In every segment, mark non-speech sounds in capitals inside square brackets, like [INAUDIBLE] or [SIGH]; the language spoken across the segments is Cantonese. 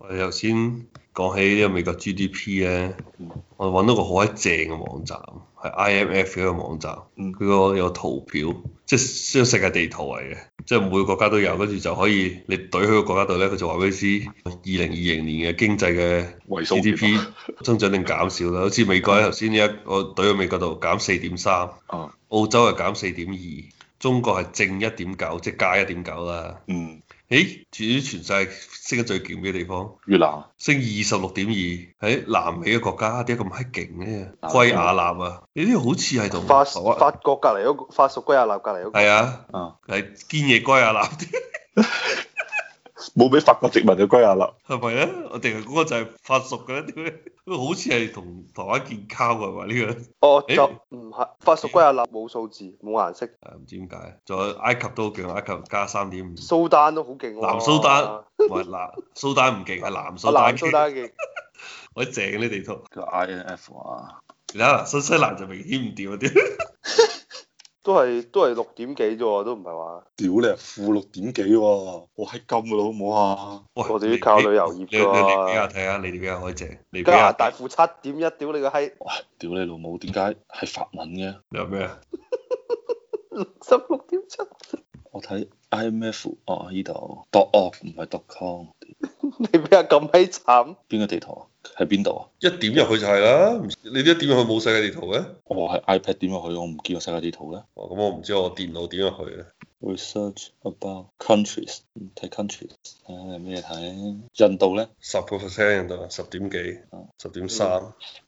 我哋頭先講起呢個美國 GDP 咧，嗯、我搵到個好閪正嘅網站，係 IMF 嗰個網站，佢個有圖表，即係將世界地圖嚟嘅，即係每個國家都有，跟住就可以你懟喺個國家度咧，佢就話俾你知二零二零年嘅經濟嘅 GDP 增長定減少啦。好似美國喺頭先呢一個懟去美國度減四點三，澳洲係減四點二，中國係正一點九，即係加一點九啦。誒，至於、欸、全世界升得最勁嘅地方，越南升二十六點二，喺南美嘅國家，點解咁閪勁嘅？圭亞納啊，你呢啲好似喺度法、啊、法國隔籬嗰個法屬圭亞納隔籬嗰個係啊，係、嗯、堅嘢圭亞納。 [LAUGHS] 冇俾法國殖民就圭亞納，係咪咧？我哋嗰個就係法屬嘅，屌， [LAUGHS] 好似係同台灣建交係嘛？呢、呢個哦，就唔係法屬圭亞納，冇數字，冇顏色，唔知點解？仲有埃及都好勁，埃及加三點五，蘇丹都好勁，南蘇丹唔係南蘇丹唔勁係南蘇丹，南蘇丹勁，好正呢地圖叫 I R N F 啊， [LAUGHS] 而家新西蘭就明顯唔掂啊啲。 [LAUGHS] 都係都係六點幾啫喎，都唔係話。屌你啊，負六點幾喎！我係咁嘅老母啊！我哋要、啊、靠旅遊業啫喎、啊。你點睇下你點樣開正？你加拿大負七點一，屌你個閪！屌你老母，點解係法文嘅？你話咩啊？六 [LAUGHS] 十六點七。我睇 IMF 哦，呢度 dot 哦，唔係 dot com。 [LAUGHS] 你邊啊？咁悲慘？邊個地圖啊？喺邊度啊？一點入去就係啦。你呢一點入去冇世界地圖嘅、啊？哦哦、我係 iPad 點入去， 哦嗯嗯、我唔見個世界地圖嘅。咁我唔知我電腦點入去啊。Research about countries，睇 countries。唉，咩睇？印度咧？十個 percent 印度、嗯嗯嗯、啊，十點幾？十點三。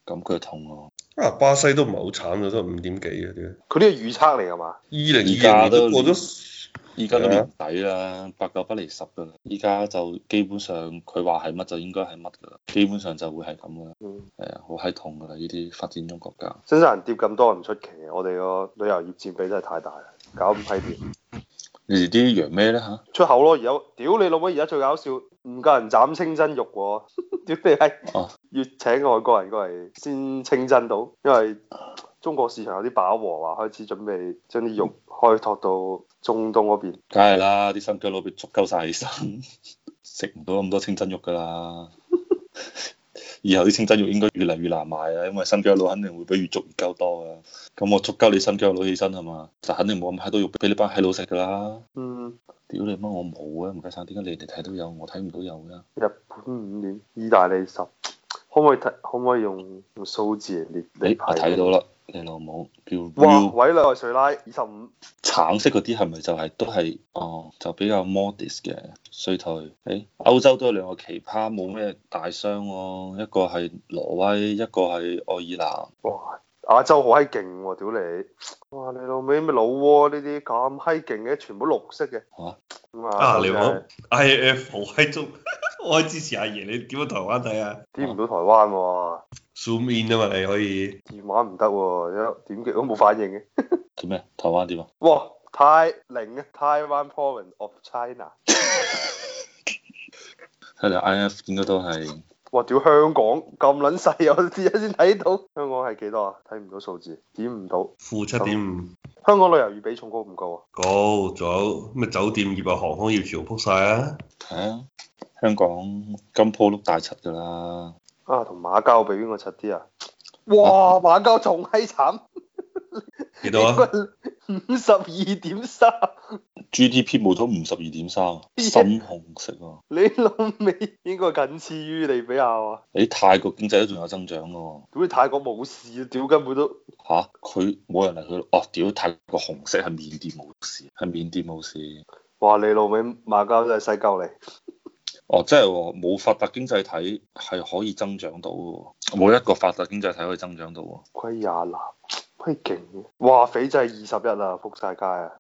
咁佢又痛我。啊，巴西都唔係好慘嘅，都五點幾啲。佢呢個預測嚟係嘛？二零二零年都過咗。而家都年底啦，八九不離十噶啦，依家就基本上佢話係乜就應該係乜噶啦，基本上就會係咁噶啦，係啊、嗯，好閪痛噶啦呢啲發展中國家，新加坡人跌咁多唔出奇，我哋個旅遊業佔比真係太大啦，搞咁批掂。你哋啲羊咩咧嚇？出口咯，而家屌你老母，而家最搞笑唔夠人斬清真肉喎，屌你係要、啊、請外國人過嚟先清真到，因為中國市場有啲飽和啊，開始準備將啲肉開拓到。中東嗰邊，梗係啦，啲新疆佬俾捉鳩晒起身，食唔到咁多清真肉噶啦。 [LAUGHS] 以後啲清真肉應該越嚟越難賣啊，因為新疆佬肯定會比越，越捉越鳩多、嗯、啊。咁我捉鳩你新疆佬起身係嘛，就肯定冇咁閪多肉俾你班閪佬食噶啦。嗯。屌你媽！我冇啊，唔解晒點解你哋睇到有，我睇唔到有噶，啊？日本五點，意大利十。可唔可以睇？可唔可以用數字嚟列排？誒、欸，我睇到啦。你老母叫哇，委內瑞拉二十五，橙色嗰啲係咪就係、是、都係哦，就比較 modest 嘅衰退。誒、欸，歐洲都有兩個奇葩，冇咩大商咯、哦，一個係挪威，一個係愛爾蘭。哇，亞洲好閪勁，屌你！哇，你老味咩老撾呢啲咁閪勁嘅，全部都綠色嘅。吓啊，你好，I F 好閪中。我支持阿爺，你點開台灣睇啊，啊，啊？點唔到台灣喎，Zoom in 啊嘛你可以。電話唔得喎，點擊都冇反應嘅，啊。做 [LAUGHS] 咩？台灣點啊？哇！Tai Ling Taiwan Province of China。睇嚟，I N F 應該都係。哇！屌香港咁撚細，我先睇到香港係幾多啊？睇唔到數字，點唔到。負七點五。香港旅遊業比重高唔高啊？高，仲有咩酒店業啊，航空業全部撲曬啊！睇啊！香港金鋪碌大七噶啦，啊同馬交比邊個七啲啊？馬比比哇啊馬交仲係慘，幾 [LAUGHS] 多啊？五十二點三，G D P 冇到五十二點三，深紅色啊！你老味應該僅次於利比亞啊！你、欸、泰國經濟都仲有增長噶屌你泰國冇事啊？屌根本都吓？佢冇、啊、人嚟佢哦！屌泰國紅色係緬甸冇事，係緬甸冇事。哇你老味，馬交真係犀鳩你！哦，即係冇發達經濟體係可以增長到嘅喎，冇一個發達經濟體可以增長到喎、哦。虧亞南，虧勁啊！哇，肥就係二十一啦，仆晒街啊！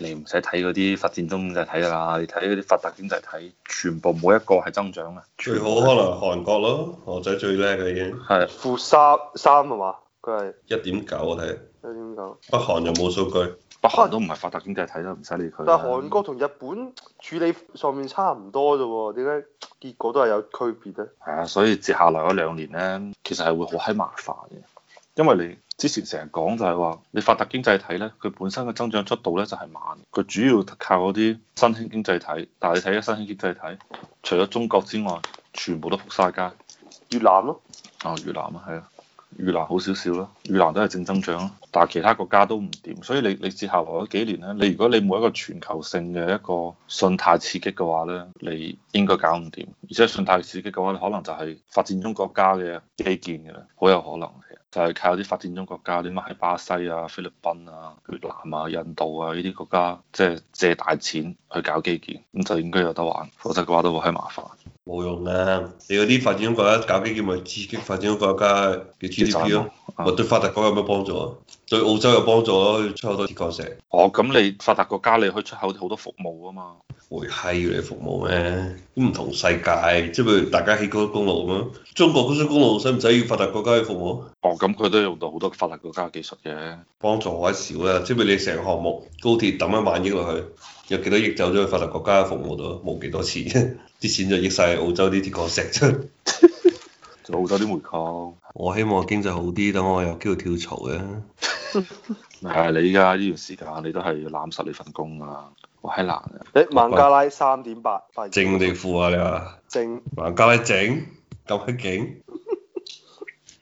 你唔使睇嗰啲發展中經濟體啦，你睇嗰啲發達經濟體，全部冇一個係增長嘅。長最好可能韓國咯，韓仔最叻嘅已經。係是。負三三係嘛？佢係。一點九我睇。一點九。北韓又冇數據。北韓都唔係發達經濟體啦，唔使理佢。但係韓國同日本處理上面差唔多啫，點解結果都係有區別啊？係啊，所以接下來嗰兩年咧，其實係會好閪麻煩嘅，因為你之前成日講就係話，你發達經濟體咧，佢本身嘅增長速度咧就係、是、慢，佢主要靠嗰啲新興經濟體。但係你睇下新興經濟體，除咗中國之外，全部都撲曬街，越南咯、啊。哦，越南啊，係啊。越南好少少啦，越南都係正增長，但係其他國家都唔掂，所以你你接下來嗰幾年咧，你如果你冇一個全球性嘅一個信貸刺激嘅話咧，你應該搞唔掂，而且信貸刺激嘅話，你可能就係發展中國家嘅基建嘅啦，好有可能嘅。就係、是、靠啲發展中國家，點解喺巴西啊、菲律賓啊、越南啊、印度啊呢啲國家即係、就是、借大錢去搞基建，咁就應該有得玩，否則嘅話都好閪麻煩。冇用啊！你嗰啲發展中國家搞基建咪刺激發展中國家嘅 GDP 咯，咪對發達國家有咩幫助啊？對澳洲有幫助咯，出口多鐵礦石。哦，咁你發達國家你可以出口好多服務啊嘛。會係要你服務咩？咁唔同世界，即係譬如大家起高速公路咁樣，中國高速公路使唔使要發達國家嘅服務？哦，咁佢都用到好多發達國家嘅技術嘅。幫助我啲少啊！即係譬如你成個項目高鐵抌一萬億落去。有幾多億走咗去發達國家嘅服務度？冇幾多錢、啊，啲錢就益晒澳洲呢啲鐵礦石出，做澳洲啲煤礦。我希望經濟好啲，等我有機會跳槽嘅、啊。但係你而家呢段時間，你都係攬實你份工啊！我閪難啊！誒孟加拉三點八，正定負啊！你話？正。孟加拉8，正咁勁、啊？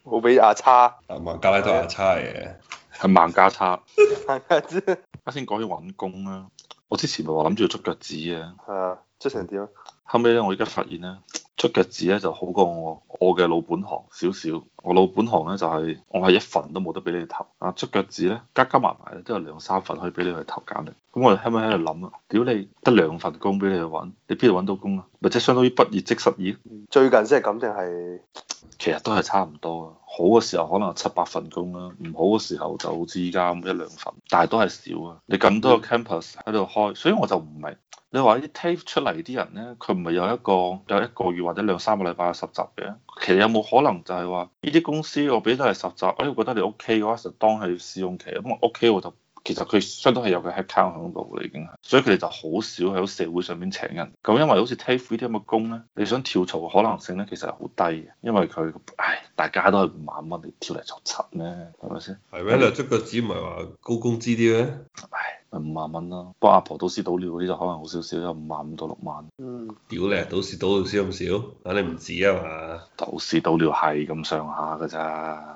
好俾阿叉。孟加拉都係阿叉嘅，係、啊、孟加叉。孟加啱先講起揾工啊。我之前咪話諗住要出腳趾嘅，係啊，出成點？後尾咧，我而家發現咧，出腳趾咧就好過我我嘅老本行少少。我老本行咧就係、是、我係一份都冇得俾你投啊！出腳趾咧加加埋埋都有兩三份可以俾你去投簡歷。咁我哋後尾喺度諗啊，屌你得兩份工俾你去搵，你邊度搵到工啊？咪即係相當於畢業即失業，嗯？最近先係咁定係？其實都係差唔多，好嘅時候可能七八份工啦，唔好嘅時候就好似依家咁一兩份，但係都係少啊。你咁多個 campus 喺度開，所以我就唔明，你話呢啲 TAFE 出嚟啲人呢，佢唔係有一個有一個月或者兩三個禮拜嘅實習嘅？其實有冇可能就係話呢啲公司我俾咗佢實習，哎我覺得你 OK 嘅話，就當係試用期咁 OK 我就。其實佢相當係有個 headcount 響度嘅已經，所以佢哋就好少喺社會上面請人。咁因為好似 take free 啲咁嘅工咧，你想跳槽嘅可能性咧，其實係好低嘅。因為佢唉，大家都係五萬蚊你跳嚟做七咧，係咪先？係咩、嗯？你捉腳趾唔係話高工資啲咩？唉，咪五萬蚊咯。不過阿婆，婆倒屎倒尿嗰啲就可能好少少，有五萬五到六萬。嗯。屌你，倒屎倒尿先咁少，啊、你唔止啊嘛？倒屎倒尿係咁上下嘅咋。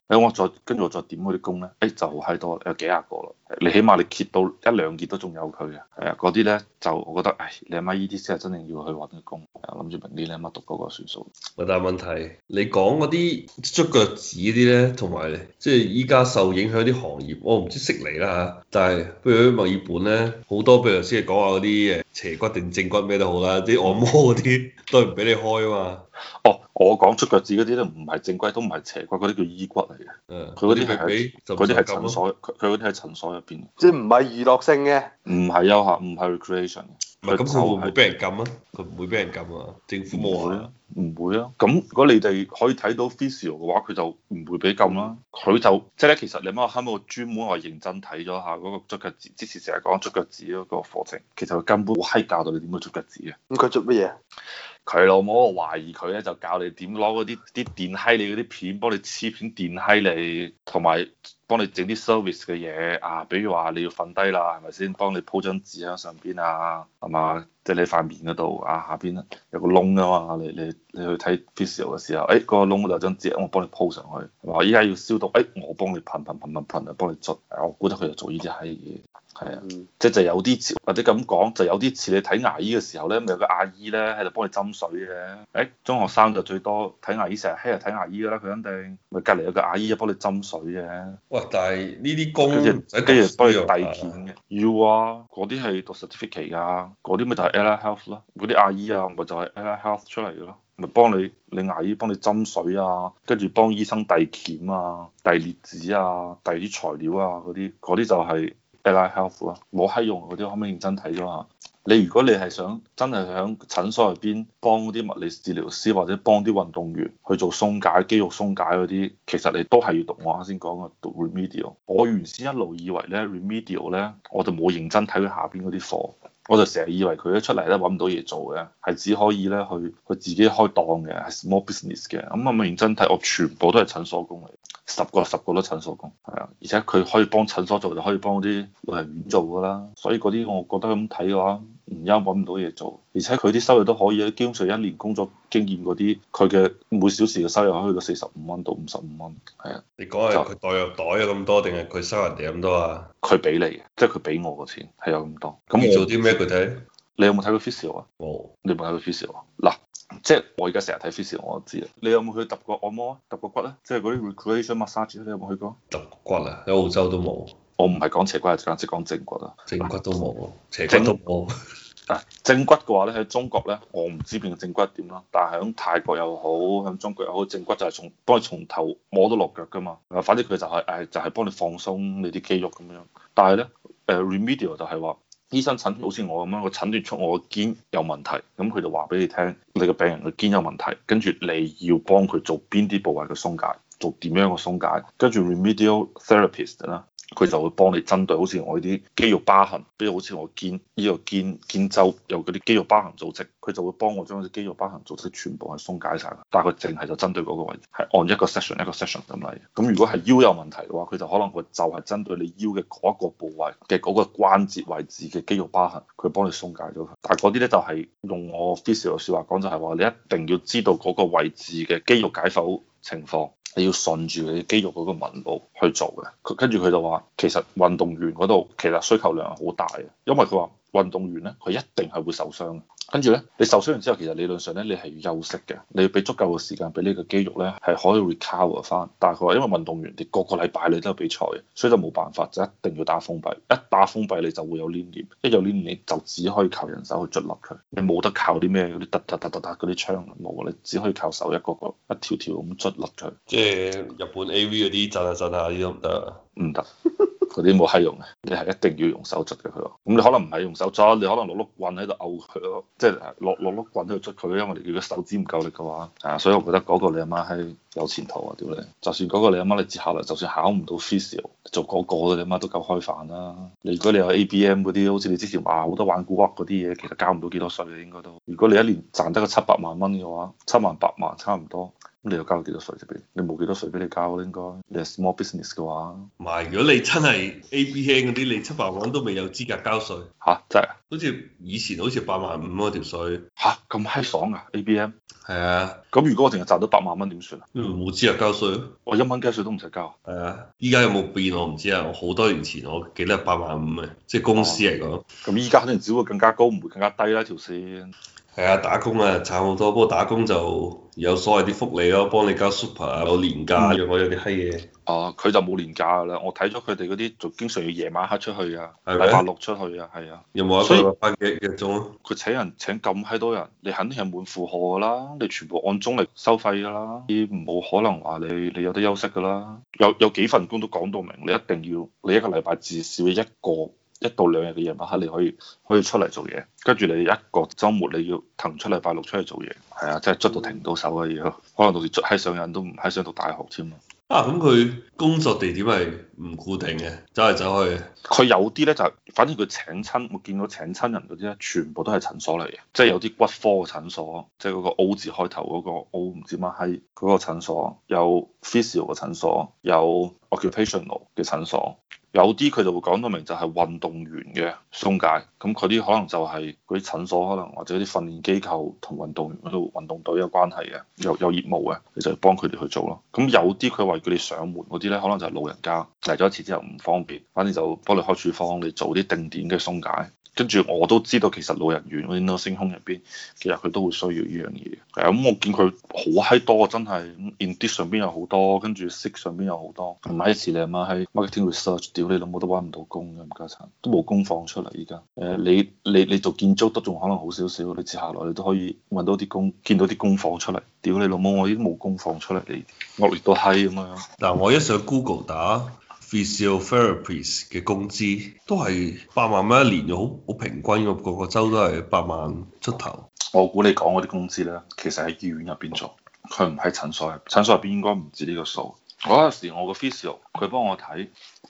誒我再跟住我再點嗰啲工咧，誒、哎、就好閪多，有幾廿個咯。你起碼你揭到一兩件都仲有佢嘅，係啊嗰啲咧就我覺得，誒、哎、你阿媽呢啲先係真正要去揾個工，係啊諗住明啲你阿媽讀嗰個算數。但係問題你講嗰啲出腳趾啲咧，同埋即係依家受影響啲行業，我唔知識嚟啦嚇，但係譬如啲墨爾本咧，好多譬如頭先你講下嗰啲誒斜骨定正骨咩都好啦，啲按摩嗰啲都唔俾你開啊嘛。哦，我講出腳趾嗰啲咧，唔係正規，都唔係斜骨，嗰啲叫醫骨嚟。嗯，佢嗰啲係喺嗰啲係診所，佢啲係診所入邊，即係唔係娛樂性嘅，唔係休閒，唔係 recreation、就是。唔係咁，佢會唔會俾人禁啊？佢唔會俾人禁啊，政府冇啊，唔會啊。咁如果你哋可以睇到 physical 嘅話，佢就唔會俾禁啦。佢、嗯、就即係咧，其實你媽我喺度專門我認真睇咗下嗰、那個捉腳趾，之前成日講捉腳趾嗰、那個課程，其實佢根本冇閪教到你點樣捉腳趾啊？咁佢做乜嘢？嗯佢老母，我懷疑佢咧就教你點攞嗰啲啲電閪，你嗰啲片幫你黐片電閪。你，同埋幫你整啲 service 嘅嘢啊，比如話你要瞓低啦，係咪先？幫你鋪張紙喺上邊啊，係嘛？即係你塊面嗰度啊，下邊有個窿啊嘛，你你你去睇 physical 嘅時候，誒、哎嗰個窿度有張紙，我幫你鋪上去。話依家要消毒，誒、哎、我幫你噴噴噴噴噴啊，幫你捽。我估得佢就做呢啲嘢。係啊，即係就有啲，或者咁講，就有啲似你睇牙醫嘅時候咧，咪有個阿姨咧喺度幫你斟水嘅。誒、哎，中學生就最多睇牙醫，成日喺度睇牙醫噶啦，佢肯定咪隔籬有個阿姨啊，幫你斟水嘅。哇！但係呢啲工后，跟住跟住幫佢遞片嘅，帶帶的要啊。嗰啲係讀 Certificate 噶，嗰啲咪就係 Allied Health 咯，嗰啲阿姨啊，咪就係、是、Allied Health 出嚟嘅咯，咪幫你你牙醫幫你斟水啊，跟住幫醫生遞鉗啊，遞列子啊，遞啲材料啊嗰啲，嗰啲就係、是。AI health 咯，冇閪用嗰啲可唔可以認真睇咗啊？你如果你係想真係響診所入邊幫啲物理治療師或者幫啲運動員去做鬆解肌肉鬆解嗰啲，其實你都係要讀我啱先講嘅讀 remedial。我原先一路以為咧 remedial 咧，我就冇認真睇佢下邊嗰啲課，我就成日以為佢一出嚟咧揾唔到嘢做嘅，係只可以咧去佢自己開檔嘅，係 small business 嘅。咁我咪認真睇，我全部都係診所工嚟。十個十個都診所工，係啊，而且佢可以幫診所做，就可以幫啲老人院做㗎啦。所以嗰啲我覺得咁睇嘅話，唔憂揾唔到嘢做。而且佢啲收入都可以啊，基本上一年工作經驗嗰啲，佢嘅每小時嘅收入可以去到四十五蚊到五十五蚊，係啊。你講係代入袋有咁多，定係佢收人哋咁多啊？佢俾你，即係佢俾我個錢，係有咁多。咁你做啲咩佢睇？你有冇睇過 Physical？冇，你有冇睇過 Physical？嗱。即係我而家成日睇 physio，我都知啊。你有冇去揼過按摩啊？揼過骨咧，即係嗰啲 recreation massage，你有冇去過？揼骨啊！喺澳洲都冇。我唔係講斜骨，係講直講正骨啊。正骨都冇喎，斜骨都冇。啊正！正骨嘅話咧，喺中國咧，我唔知邊個正骨點啦。但係喺泰國又好，喺中國又好，正骨就係從幫你從頭摸到落腳㗎嘛。反正佢就係、是、誒，就係、是、幫你放鬆你啲肌肉咁樣。但係咧，誒 remedial 就係話。醫生診好似我咁樣，佢診斷出我個肩有問題，咁佢就話俾你聽，你個病人個肩有問題，跟住你要幫佢做邊啲部位嘅鬆解，做點樣嘅鬆解，跟住 remedial therapist 啦。佢就會幫你針對，好似我啲肌肉疤痕，比如好似我肩，呢個肩肩周有嗰啲肌肉疤痕組織，佢就會幫我將啲肌肉疤痕組織全部係鬆解晒。但係佢淨係就針對嗰個位置，係按一個 session 一個 session 咁嚟。咁如果係腰有問題嘅話，佢就可能佢就係針對你腰嘅嗰一個部位嘅嗰個關節位置嘅肌肉疤痕，佢幫你鬆解咗。但係嗰啲咧就係用我 physical 説話講，就係話你一定要知道嗰個位置嘅肌肉解剖。情況你要順住你肌肉嗰個紋路去做嘅，佢跟住佢就話，其實運動員嗰度其實需求量係好大嘅，因為佢話。運動員咧，佢一定係會受傷嘅。跟住咧，你受傷完之後，其實理論上咧，你係要休息嘅，你要俾足夠嘅時間俾呢個肌肉咧，係可以 recover 翻。但係佢話，因為運動員你個個禮拜你都有比賽，所以就冇辦法，就一定要打封閉。一打封閉，你就會有黏黏，一有黏黏你就只可以靠人手去捽落佢，你冇得靠啲咩嗰啲突突突突嗰啲槍冇，你只可以靠手一個個一個，一條條咁捽甩佢。即係日本 AV 嗰啲震下震下，呢啲唔得啊？唔得。嗰啲冇閪用嘅，你係一定要用手捽嘅佢。咁你可能唔係用手捽，你可能落碌棍喺度拗佢咯，即係落落碌棍喺度捽佢。因為你如果手指唔夠力嘅話，啊，所以我覺得嗰個你阿媽係有前途啊！屌你，就算嗰個你阿媽，媽你接下嚟啦，就算考唔到 physio 做嗰個你阿媽，媽都夠開飯啦、啊。你如果你有 ABM 嗰啲，好似你之前話好多玩古惑嗰啲嘢，其實交唔到幾多稅嘅應該都。如果你一年賺得個七百萬蚊嘅話，七萬八萬差唔多。咁你又交幾多稅？你冇幾多稅俾你交咯，應該。你係 small business 嘅話，唔係。如果你真係 ABM 嗰啲，你七百萬都未有資格交稅，吓、啊、真係。好似以前好似八萬五嗰條稅，吓，咁閪爽啊！ABM 係啊。咁、啊啊、如果我淨係賺到八萬蚊，點算啊？冇資格交稅，我一蚊交稅都唔使交。係啊。依家有冇變我唔知啊。有有，我好多年前我記得八萬五啊，即係公司嚟講。咁依家肯定只會更加高，唔會更加低啦、啊、條線。係啊，打工啊，差好多。不過打工就有所謂啲福利咯，幫你交 super 啊，有年假，嗯、又有嗰有啲閪嘢。啊，佢就冇年假噶啦。我睇咗佢哋嗰啲，就經常要夜晚黑出去噶，禮拜六出去啊，係啊。有冇啊？所以禮拜幾幾鐘咯。佢請人請咁閪多人，你肯定係滿負荷噶啦。你全部按鐘嚟收費噶啦。啲冇可能話你你有得休息噶啦。有有幾份工都講到明，你一定要你一個禮拜至少一個，一到兩日嘅夜晚黑，你可以可以出嚟做嘢，跟住你一個週末你要騰出禮拜六出嚟做嘢，係啊，即係捽到停唔到手嘅、啊、嘢，可能到時捽係上人都唔喺上到大學添啊。咁佢工作地點係唔固定嘅，走嚟走去。佢有啲咧就反正佢請親，我見到請親人嗰啲咧，全部都係診所嚟嘅，即係有啲骨科嘅診所，即係嗰個澳字開頭嗰、嗰個澳唔知乜，係嗰個診所有 physio 嘅診所，有 occupational 嘅診所。有啲佢就會講到明，就係運動員嘅鬆解，咁佢啲可能就係嗰啲診所，可能或者啲訓練機構同運動員度運動隊有關係嘅，有有業務嘅，你就幫佢哋去做咯。咁有啲佢話佢哋上門嗰啲咧，可能就係老人家嚟咗一次之後唔方便，反正就幫你開處方，你做啲定點嘅鬆解。跟住我都知道，其知道，其實老人院嗰啲星空入邊，其實佢都會需要呢樣嘢。係、嗯、啊，咁我見佢好閪多，真係 i n 上邊有好多，跟住 s 上邊有好多。唔係一次你阿媽，喺 marketing research，屌你老母都揾唔到工嘅，唔該曬，都冇工房出嚟而家。誒、呃，你你你做建築都仲可能好少少，你接下來你都可以揾到啲工，見到啲工房出嚟。屌你老母，我已經冇工房出嚟，你惡劣到閪咁樣。嗱，我一上 Google 打。physiotherapies 嘅工資都係八萬蚊一年，又好好平均，個個州都係八萬出頭。我估你講嗰啲工資咧，其實喺醫院入邊做，佢唔喺診所入，診所入邊應該唔止呢個數。那個、我嗰陣時我個 physio，佢幫我睇，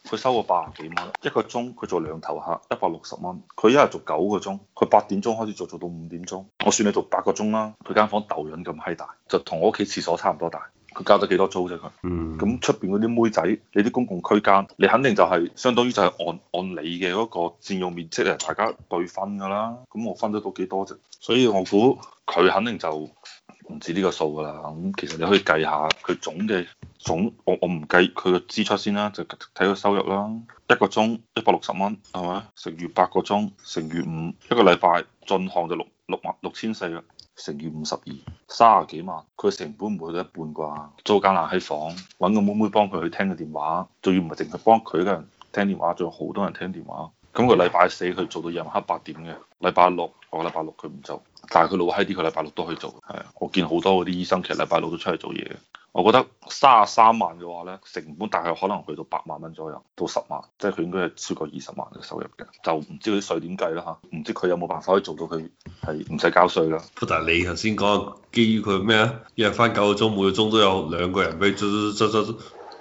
佢收過八十幾蚊一個鐘，佢做兩頭客一百六十蚊，佢一日做九個鐘，佢八點鐘開始做，做到五點鐘。我算你做八個鐘啦，佢間房豆潤咁閪大，就同我屋企廁所差唔多大。佢交咗幾多租啫？佢、嗯，咁出邊嗰啲妹仔，你啲公共區間，你肯定就係相當於就係按按你嘅嗰個佔用面積嚟大家對分㗎啦，咁我分得到幾多啫？所以我估佢肯定就唔止呢個數㗎啦。咁其實你可以計下佢總嘅總，我我唔計佢嘅支出先啦，就睇佢收入啦。一個鐘一百六十蚊，係嘛？乘月八個鐘，乘月五，一個禮拜進項就六六萬六千四啦。乘以五十二，52, 三十幾萬，佢成本唔會到一半啩。租間冷氣房，揾個妹妹幫佢去聽個電話，仲要唔係淨係幫佢嘅人聽電話，仲有好多人聽電話。咁佢禮拜四佢做到夜晚黑八點嘅，禮拜六我話禮拜六佢唔做。但係佢老閪啲，佢禮拜六都去做，係啊，我見好多嗰啲醫生其實禮拜六都出嚟做嘢。我覺得卅啊三萬嘅話咧，成本大概可能去到八萬蚊左右，到十萬，即係佢應該係超過二十萬嘅收入嘅，就唔知佢啲稅點計啦嚇，唔知佢有冇辦法可以做到佢係唔使交稅啦。但係你頭先講，基於佢咩啊？一日翻九個鐘，每個鐘都有兩個人俾，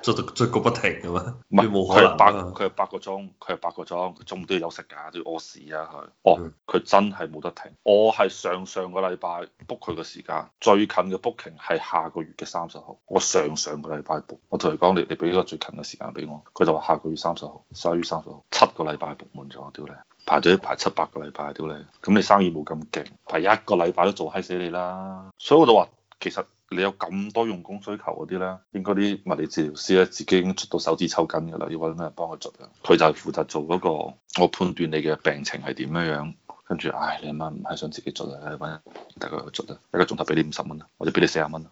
追追個不停嘅咩？唔係，佢八佢係八個鐘，佢係八個鐘，佢中午都要休息㗎啊，都要屙屎啊佢。哦，佢真係冇得停。我係上上個禮拜 book 佢嘅時間，最近嘅 booking 係下個月嘅三十號。我上上個禮拜 book，我同佢講你你俾個最近嘅時間俾我，佢就話下個月三十號，十一月三十號，七個禮拜 book 滿咗屌你，排隊排七八個禮拜屌你，咁你生意冇咁勁，排一個禮拜都做嗨死你啦。所以我就話其實。你有咁多用工需求嗰啲咧，應該啲物理治療師咧，自己已經出到手指抽筋嘅啦，要揾咩人幫佢捽啊？佢就係負責做嗰個，我判斷你嘅病情係點樣樣。跟住唉，你阿媽唔係想自己捽啊，你揾大家去捽啊，一個鐘頭俾你五十蚊啊，或者俾你四啊蚊啊。